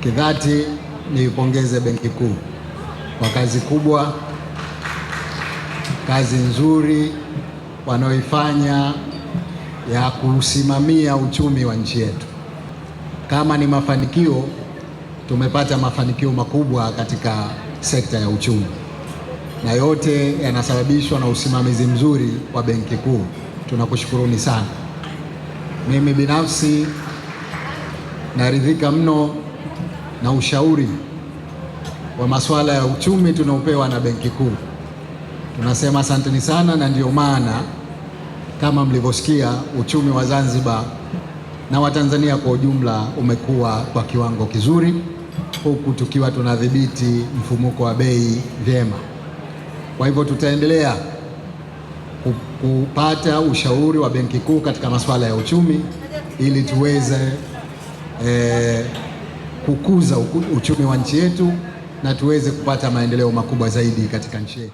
Kidhati niipongeze Benki Kuu kwa kazi kubwa, kazi nzuri wanaoifanya ya kusimamia uchumi wa nchi yetu. Kama ni mafanikio, tumepata mafanikio makubwa katika sekta ya uchumi, na yote yanasababishwa na usimamizi mzuri wa Benki Kuu. Tunakushukuruni sana. Mimi binafsi naridhika mno na ushauri wa masuala ya uchumi tunaopewa na Benki Kuu. Tunasema asanteni sana, na ndiyo maana kama mlivyosikia uchumi wa Zanzibar na Watanzania kwa ujumla umekuwa kwa kiwango kizuri, huku tukiwa tunadhibiti mfumuko wa bei vyema. Kwa hivyo tutaendelea kupata ushauri wa Benki Kuu katika masuala ya uchumi ili tuweze eh, kukuza uchumi wa nchi yetu na tuweze kupata maendeleo makubwa zaidi katika nchi yetu.